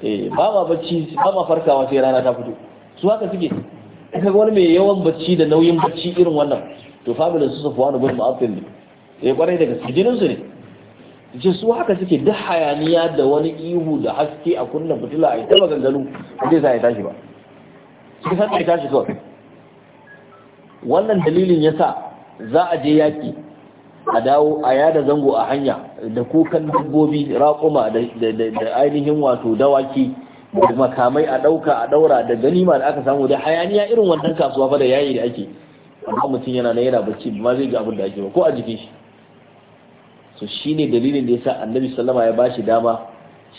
eh ba ma bacci ba ma farkawa sai rana ta fito su haka suke kaga wani mai yawan bacci da nauyin bacci irin wannan to familin su safwanu gudun ma'afin ne ya eh, kwarai daga jinin su ne ce su haka suke duk hayaniya da wani ihu da haske a kunna fitila a yi ita maganganu zai sa ya tashi ba Suka san ya tashi kawai wannan dalilin ya sa za a je yaki a dawo a yada zango a hanya da kukan dabbobi raƙuma da ainihin wato dawaki makamai a ɗauka a ɗaura da ganima da aka samu da hayaniya irin wannan kasuwa fa da yayi da ake amma mutum yana nan yana bacci ba zai ga abin da ake ba ko a jikin shi to shine dalilin da yasa annabi sallama ya bashi dama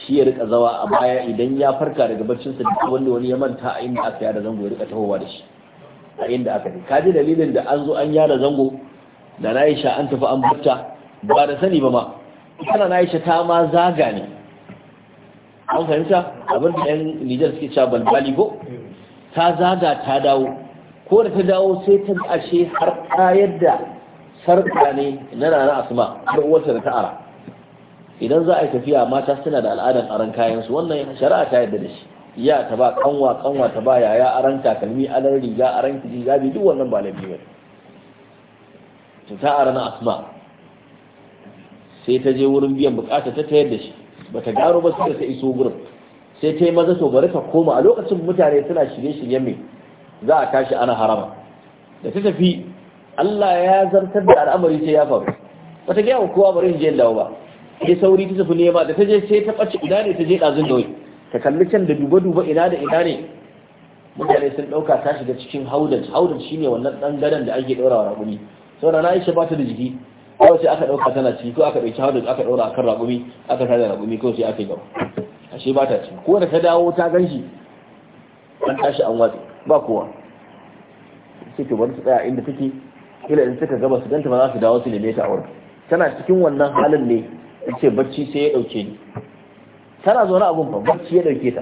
shi ya rika zawa a baya idan ya farka daga barcin sa duk wanda wani ya manta a inda aka yada zango ya rika tahowa da shi a inda aka yi ka ji dalilin da an zo an yada zango da Na'isha an tafi an bata ba da sani ba ma kana Na'isha ta ma zaga ne an fahimta abin da yan nijar suke cewa balbali ko ta zaga ta dawo ko da ta dawo sai ta ashe har kayar da sarka ne na rana asma har uwarta da ta ara idan za a yi tafiya mata suna da al'adar aran kayan wannan shari'a ta yarda da shi ya ta ba kanwa kanwa ta ba yaya aran takalmi aran riga aran kiji gabi duk wannan ba laifi ba ta ara na asuma sai ta je wurin biyan bukata ta tayar da shi bata gano ba sai ta iso gurin sai ta yi maza to bari ta koma a lokacin mutane suna shirye-shirye mai za a tashi ana harama da ta tafi Allah ya zartar da al'amari sai ya faru bata gaya wa kowa bari in je dawo ba sai sauri ta tafi nema da ta je sai ta ɓace ina ne ta je ɗazun da wai ta kalli can da duba-duba ina da ina ne mutane sun ɗauka ta shiga cikin haudan haudan shine wannan ɗan gadon da ake ɗaurawa wa raƙumi saboda na aisha ba ta da jiki kawai sai aka ɗauka tana ciki ko aka ɗauki hadu aka ɗaura akan ragumi aka tada ragumi ko sai aka yi gaba ashe ba ta ciki ko da ta dawo ta ganshi. shi an tashi an watsi ba kowa sai ke bari su tsaya inda take kila in suka gaba su ganta ba za su dawo su neme ta aure tana cikin wannan halin ne ta ce bacci sai ya ɗauke ni tana zaune abun ba bacci ya ɗauke ta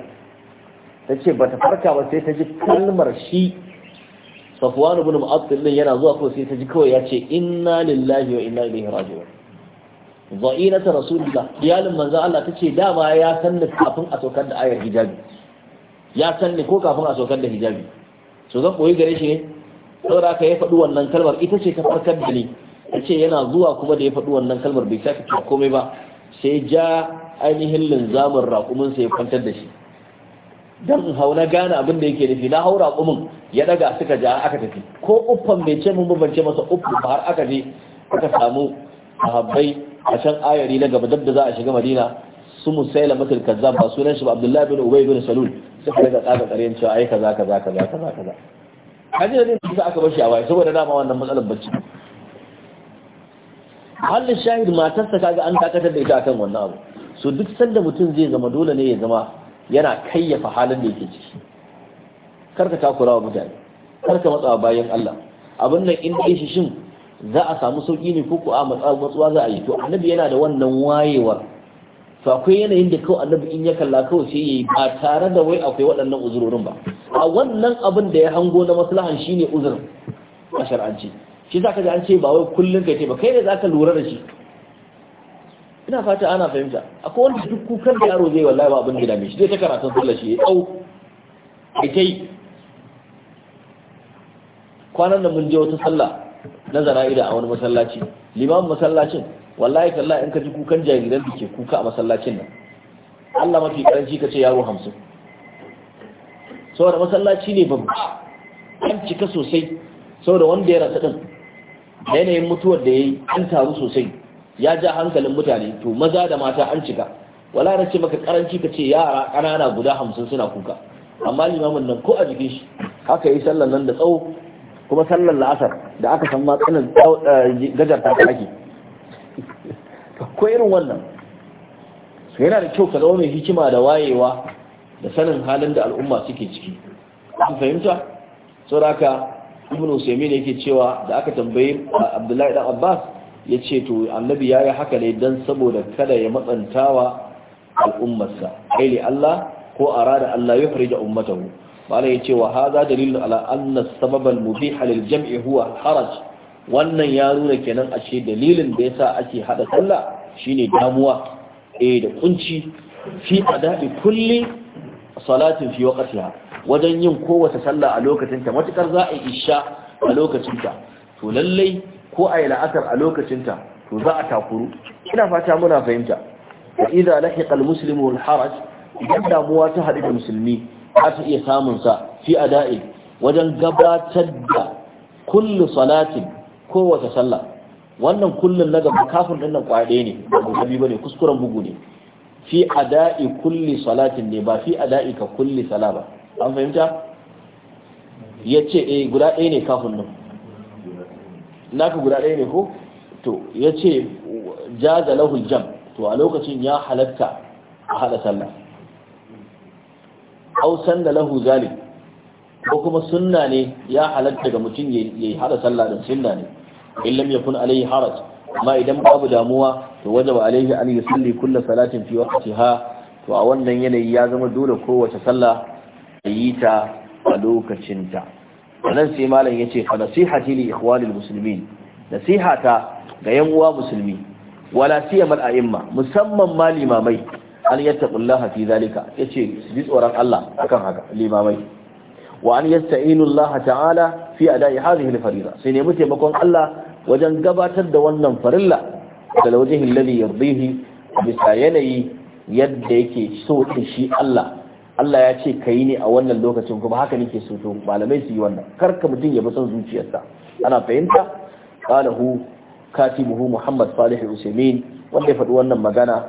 ta ce ba ta farka ba sai ta ji kalmar shi safwan ibn mu'attil din yana zuwa kuma sai ta ji kawai ya ce inna lillahi wa inna ilaihi raji'un za'inata rasulullah iyalin manzon Allah tace dama ya sanni kafin a saukar da ayar hijabi ya sanni ko kafin a saukar da hijabi so zan koyi gare shi ne saboda ka ya faɗi wannan kalmar ita ce ta farkar da ni ce yana zuwa kuma da ya faɗi wannan kalmar bai sake komai ba sai ja ainihin linzamin raƙumin ya kwantar da shi dan hau na gane abin da yake nufi na haura kumin ya daga suka ja aka tafi ko uffan bai ce mun babance masa uffu ba har aka je aka samu sahabbai a can ayari na gaba dab da za a shiga madina su musaila matul kazzab ba sunan shi ba abdullahi bin ubay bin salul ka daga tsaka kare cewa ai kaza kaza kaza kaza kaza kaji da ne sai aka bar shi a waye saboda dama wannan matsalar bacci halin shahid matarsa kaga an dakatar da ita akan wannan abu so duk sanda mutum zai zama dole ne ya zama yana kayyafa halin da yake ciki karka takura wa mutane karka matsawa bayan Allah abin nan in dai shin za a samu sauki ne ko ko a matsawa za a yi to annabi yana da wannan wayewar to akwai yanayin da kawai annabi in ya kalla kawai sai yayi ba tare da wai akwai waɗannan uzurorin ba a wannan abin da ya hango na maslahan shine uzurin a shar'anci shi zaka ji an ce ba wai kullun kai ce ba kai ne zaka lura da shi ina fata ana fahimta akwai wanda duk kukan da yaro zai wallahi ba abin da dame shi zai ta karatun sallar shi ya tsau kai kwanan da mun je wata sallah na zana'ida a wani masallaci limamin masallacin wallahi kalla in ka ji kukan jariran da ke kuka a masallacin nan Allah mafi karanci ka ce yaro hamsin saboda masallaci ne babu an cika sosai saboda wanda ya rasa din yanayin mutuwar da ya yi an taru sosai ya ja hankalin mutane to maza da mata an cika wala na ce maka karanci ka ce yara ƙanana guda hamsin suna kuka amma limamin nan ko a jikin shi haka yi sallan nan da tsawo kuma sallan la'asar da aka san matsanin eh, gajar ta ake ko irin wannan su yana da kyau ka zama mai hikima da wayewa da sanin halin da al'umma suke ciki an fahimta sauraka ibn usaimin yake cewa da aka tambayi abdullahi dan abbas ya ce to annabi ya yi haka ne don saboda kada ya matsantawa al'ummarsa aili Allah ko a rada Allah ya da ummata. Bala ya ce wa haza dalilin ala anna sababal mubiha halil jam'i huwa haraj wannan ya nuna kenan a ce dalilin da sa ake hada sallah shine damuwa eh da kunci fi adabi kulli salatin fi waqtiha wajen yin kowace sallah a lokacin ta matukar za a isha a lokacin ta to lallai ko a yi la'asar a lokacinta to za a takuru ina fata muna fahimta da idza lahiƙar al-muslimu haraj idan damuwa ta haɗu da musulmi za ta iya samun sa fi da'i. wajen gabatar da kullu salatin kowace sallah wannan kullun na gaba kafin din nan kwaɗe ne ba ne, kuskuren bugu ne fi da'i kulli salatin ne ba fi da'i ka kulli sala ba an fahimta yace eh guda ɗaya ne kafin nan naka guda ɗaya ne ko to ya ce jaza lahul jam to a lokacin ya halatta a haɗa sallah hausan da lahu zalim ko kuma sunna ne ya halatta ga mutum ya yi haɗa sallah da sunna ne illam yakun Alayhi haraj amma idan babu damuwa to wajaba alaihi an yusalli kulla salatin fi ha, to a wannan yanayi ya zama dole kowace sallah yi ta a lokacinta wannan sai malam yace fa nasihati li ikhwanil muslimin nasihata ga yan uwa musulmi wala siyamal a'imma musamman ma limamai an yattaqullaha fi zalika yace bi tsoron Allah akan haka limamai wa an yasta'inu Allah ta'ala fi ada'i hadhihi al-fariida sai ne taimakon Allah wajen gabatar da wannan farilla da lawjihi alladhi yardihi bisa yanayi yadda yake so shi Allah Allah ya ce ka yi ne a wannan lokacin kuma haka nake so to malamai su yi wannan karka mutum ya bi son zuciyarsa ana fahimta qalahu katibuhu Muhammad Salih Usaimin wanda ya faɗi wannan magana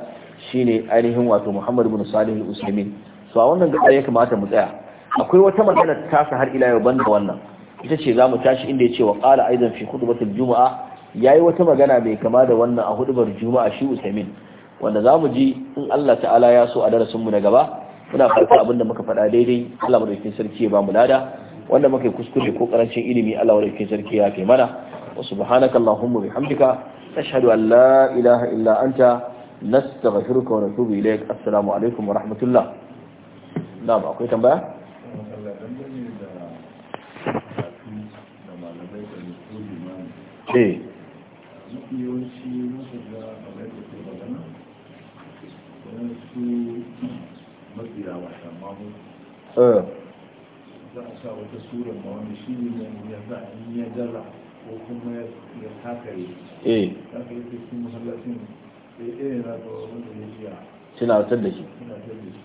shine ainihin wato Muhammad ibn Salih Usaimin so a wannan gaba ya kamata mu tsaya akwai wata magana ta har ila yau banda wannan ita ce zamu tashi inda ya ce wa qala aidan fi khutbatil juma'a yayi wata magana mai kama da wannan a hudubar juma'a shi Usaimin wanda zamu ji in Allah ta'ala ya so a darasin mu na gaba muna fata abin da muka faɗa daidai Allah madaukakin sarki ya ba mu lada wanda muka yi kuskure ko karancin ilimi Allah madaukakin sarki ya kai mana wa subhanaka allahumma bihamdika ashhadu an la ilaha illa anta nastaghfiruka wa natubu ilaik assalamu alaikum wa rahmatullah na'am akwai tambaya Eh. yawanci masu da ba za ta su basira wa tamamu eh. za a sa wata sura ma wani shi ne ya a yi ya ko kuma ya takare eh yi masallacin eh, eh, wanda ya jiya tunatar da shi tunatar da shi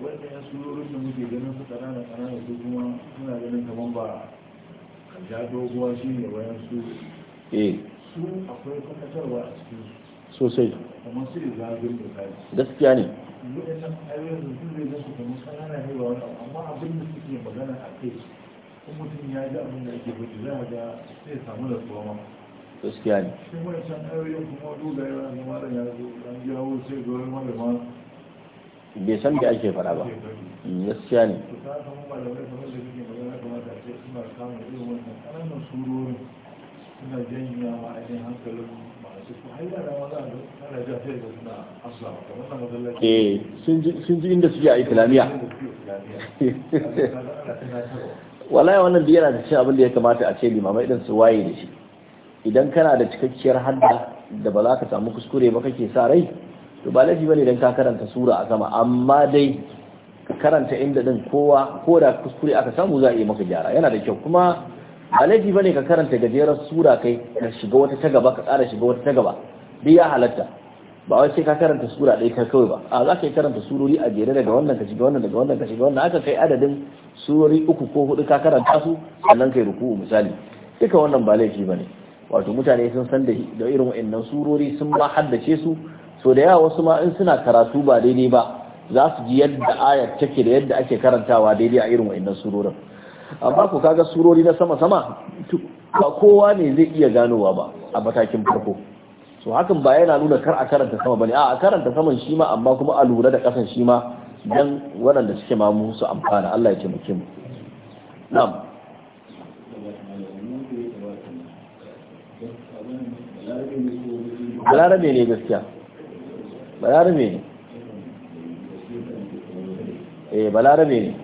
wanda ya surorin da muke ganin su ƙanana ƙanana su kuma suna ganin ba a ja doguwa shi ne wayan su su akwai kwatatarwa a cikin sosai kamar su da zagin da gaskiya ne waɗannan ayoyin rubutu ne na su kamar ne ba wani amma abin da suke magana a kai kuma mutum ya ji abin da ake za a ga zai samu da tsuwa ma gaskiya ne shi wancan ayoyin kuma duba yawa mara ya an jawo sai ga wani malama bai san da ake fara ba mm, gaskiya ne suna ma cikin hankalin E sun ji inda suke a islamiyya wallahi wannan da yana da cin abin da ya kamata a ce limamai idan su waye da shi idan kana da cikakkiyar hadda da ba za ka samu kuskure ba kake sa rai to ba laifi bane idan ka karanta sura a sama amma dai karanta inda din kowa ko da kuskure aka samu za a yi maka gyara yana da kyau kuma ba laifi bane ka karanta gajeren sura kai ka shiga wata ta gaba ka ƙara shiga wata ta gaba bi ya halatta ba wai sai ka karanta sura ɗaya ka kawai ba a za ka yi karanta surori a jere daga wannan ka shiga wannan daga wannan ka shiga wannan aka kai adadin surori uku ko hudu ka karanta su sannan kai ruku'u misali duka wannan ba laifi bane wato mutane sun san da irin wa'annan surori sun ma haddace su so da yawa wasu ma in suna karatu ba daidai ba za su ji yadda ayar take da yadda ake karantawa daidai a irin wa'annan surorin amma ku kaga surori na sama-sama ba kowa ne zai iya ganowa ba a matakin farko so hakan ba yana nuna kar a karanta sama bane a karanta saman shi ma amma kuma a lura da kasan shi ma dan waɗanda suke ma mu su amfana Allah ya taimake mu na'am balarabe ne gaskiya balarabe ne eh balarabe ne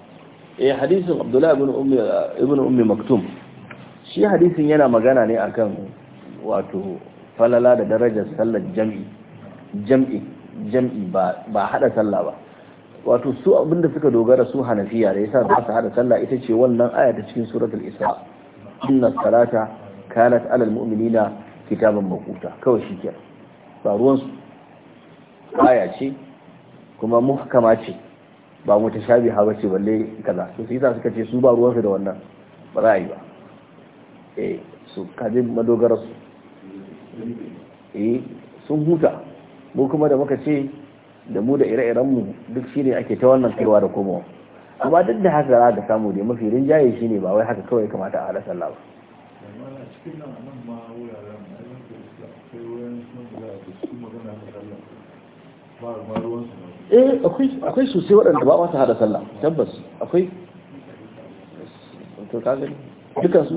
eh hadisin abdullahi ibn ummi ibn ummi maktum shi hadisin yana magana ne akan wato falala da darajar sallar jam'i ba ba hada sallah ba wato su abinda suka dogara su hanafiya da yasa ba su hada sallah ita ce wannan aya ta cikin suratul isra inna salata kanat alal mu'minina kitaban makuta kawai shikenan ba ruwan su aya ce kuma muhkama ce ba mu ta shabi ha bace balle kaza to sai suka ce su ba ruwansu da wannan ba za a yi ba eh su kadin madogara su eh sun huta mu kuma da muka ce da mu da ire-iren mu duk shine ake ta wannan kaiwa da komo amma duk da haka za ka samu dai mafi rinjaye shine ba wai haka kawai kamata a halar sallah ba ba ruwansu eh akwai akwai sosai waɗanda ba wata hada sallah tabbas akwai to ka gani dukkan su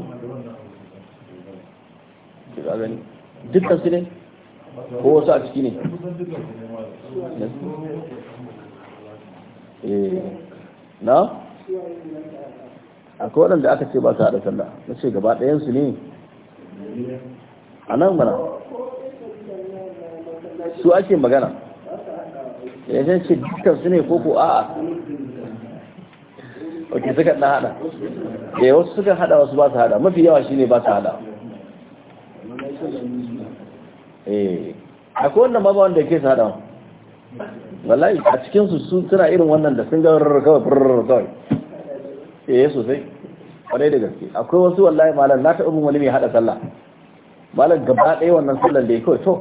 ka gani dukkan su ne ko wasu a ciki ne eh na akwai waɗanda aka ce ba su hada sallah na ce gaba su ne a nan mana su ake magana ya zan ce dukkan su ne ko ko a'a ok suka ɗan haɗa da eh, wasu suka haɗa wasu ba su haɗa mafi yawa shi ne ba su haɗa eh, a kowanne wannan ba wanda ke su haɗa wallahi a cikinsu su suna irin wannan da sun ga kawai burr kawai yi eh, sosai wadai da gaske akwai wasu wallahi malam na taɓa bin wani mai haɗa sallah malam gaba ɗaya wannan sallar da ya kawai to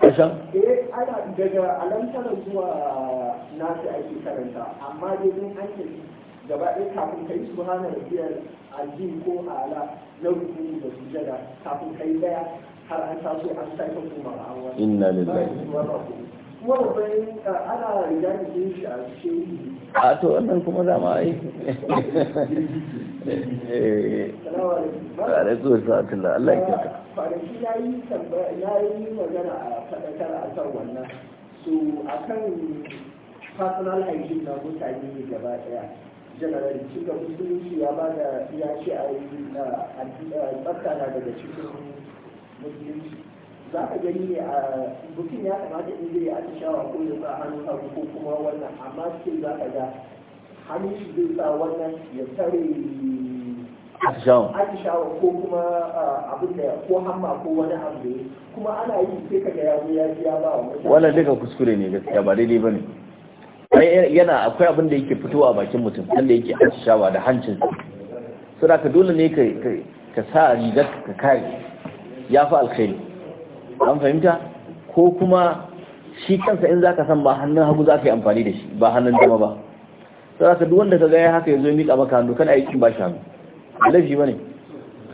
kashan? eh ana daga alamtarar zuwa nasu ake karanta amma dai mun an gaba ɗaya kafin kai su hana biyar ko ala na da kafin kai daya har an taso an kuma a wani inna lillahi kuma eh, ana riga da shi a a to wannan kuma za ma yi salamu alaikum wa Allah ya kyauta yi magana a faɗakar a kan wannan so a kan personal hygiene na mutane gaba ɗaya general cikin musulunci ya ba da ya ce a yi na na daga cikin musulunci za ka gani ne a mutum ya kamata in zai atishawa ko ya sa hannun hagu ko kuma wannan amma sai za ka ga hannun shi zai sa wannan ya tare atishawa shawo ko kuma abin da ko hamma ko wani abu ne kuma ana yi sai kaga ya ya ji ya ba wa wannan duka kuskure ne gaskiya ba daidai bane eh, yana akwai abin da yake fitowa a bakin mutum wanda yake atishawa da hancin su da ka dole ne ka ka sa rigar ka kare ya fi alkhairi an fahimta ko kuma shi kansa in zaka san ba hannun hagu za ka yi amfani da shi ba hannun dama ba sai ka duk wanda ka ga ya haka ya zo mika maka hannu kana aikin ba shi hannu ba laifi bane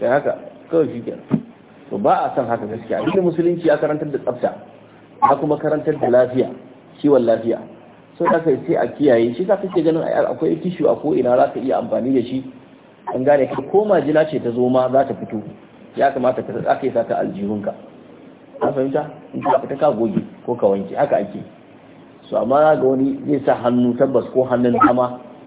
kai haka kawai shi kenan to ba a san haka gaskiya addinin musulunci ya karantar da tsafta ya kuma karantar da lafiya kiwon lafiya sau da kai sai a kiyaye shi ka kake ganin akwai tishu a ko ina za ka iya amfani da shi an gane ka ko majina ce ta zo ma za ta fito ya kamata ka aka yi sa ta aljihunka ka fahimta in ka fita ka goge ko ka wanke haka ake su amma ga wani zai sa hannu tabbas ko hannun dama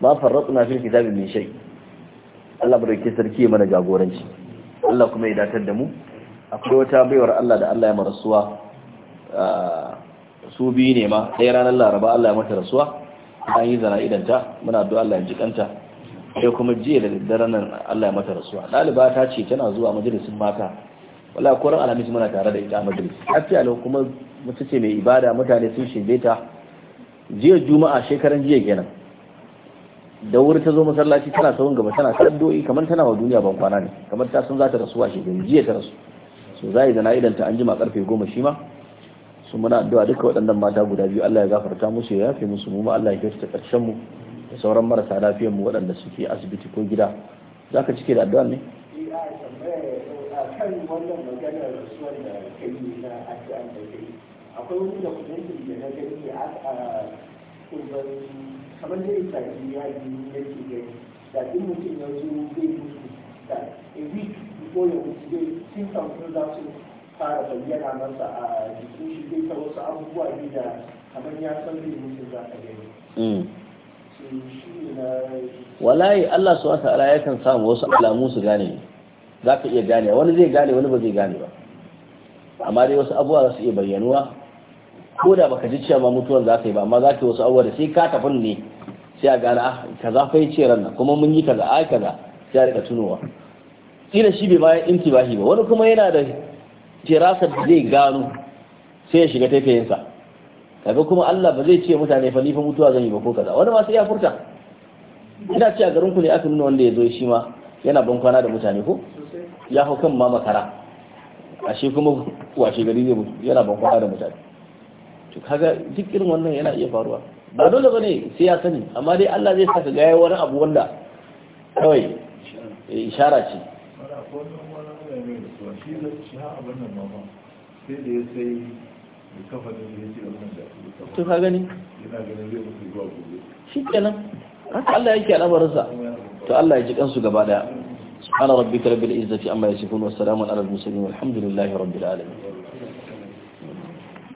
ma na fil kitabi min shay Allah barke sarki mana jagoranci Allah kuma ya datar da mu akwai wata baiwar Allah da Allah ya mara rasuwa su biyu ne ma ɗaya ranar Laraba Allah ya mata rasuwa an yi zana idanta muna addu'a Allah ya ji kanta sai kuma jiya da daddare nan Allah ya mata rasuwa ɗaliba ta ce tana zuwa majalisin mata wala ko ran alhamis muna tare da ita a majalis lafiya lau kuma mutace mai ibada mutane sun shinde ta jiya juma'a shekaran jiya kenan da wuri ta zo masallaci tana sauran gaba tana saddo'i kamar tana wa duniya ban kwana ne kamar ta san za ta rasu a shekaru jiya ta rasu so za yi zana idan ta an jima karfe goma shi ma su muna addu'a duka waɗannan mata guda biyu Allah ya gafarta musu ya yafe musu mu ma Allah ya ta ƙarshen mu da sauran marasa lafiyar mu waɗanda suke asibiti ko gida za ka cike da addu'a ne akwai wani da da na gani a kamar dai tafi ya yi ke gani da duk mutum ya zo zai mutu da a week before ya mutu dai sun samfin za su fara bayyana masa a jikin shi zai ta wasu abubuwa ne da kamar ya san zai mutu za ka gani. Mm. Walayi Allah su wata ala yakan samu wasu alamu su gane za ka iya gane wani zai gane wani ba zai gane ba amma dai wasu abubuwa za su iya bayyanuwa ko da baka ji cewa mutuwan za ka yi ba amma za ka yi wasu abubuwa da sai ka tafin ne sai a gane ka ah, kaza fa yi ce ranna kuma mun yi kaza ai kaza sai a rika tunowa kila shi bai bayan intibahi ba wani kuma yana da tirasa da zai gano sai ya shiga taifayinsa kaga kuma Allah ba zai ce mutane fa ni fa mutuwa zan yi ba ko kaza wani ma sai ya furta ina ce a garin ku ne aka nuna wanda ya zo shi ma yana ban kwana da mutane ko ya hau kan ma makara ashe kuma washe gari zai mutu yana ban kwana da mutane kaga duk irin wannan yana iya faruwa ba dole bane sai ya sani amma dai Allah zai saka ga wani abu wanda kawai ishara ce to ka gani shi kenan haka Allah yake al'amarinsa to Allah ya ji kansu gaba daya subhana rabbika rabbil izzati amma yasifun wa salamun ala al-mursalin walhamdulillahi rabbil alamin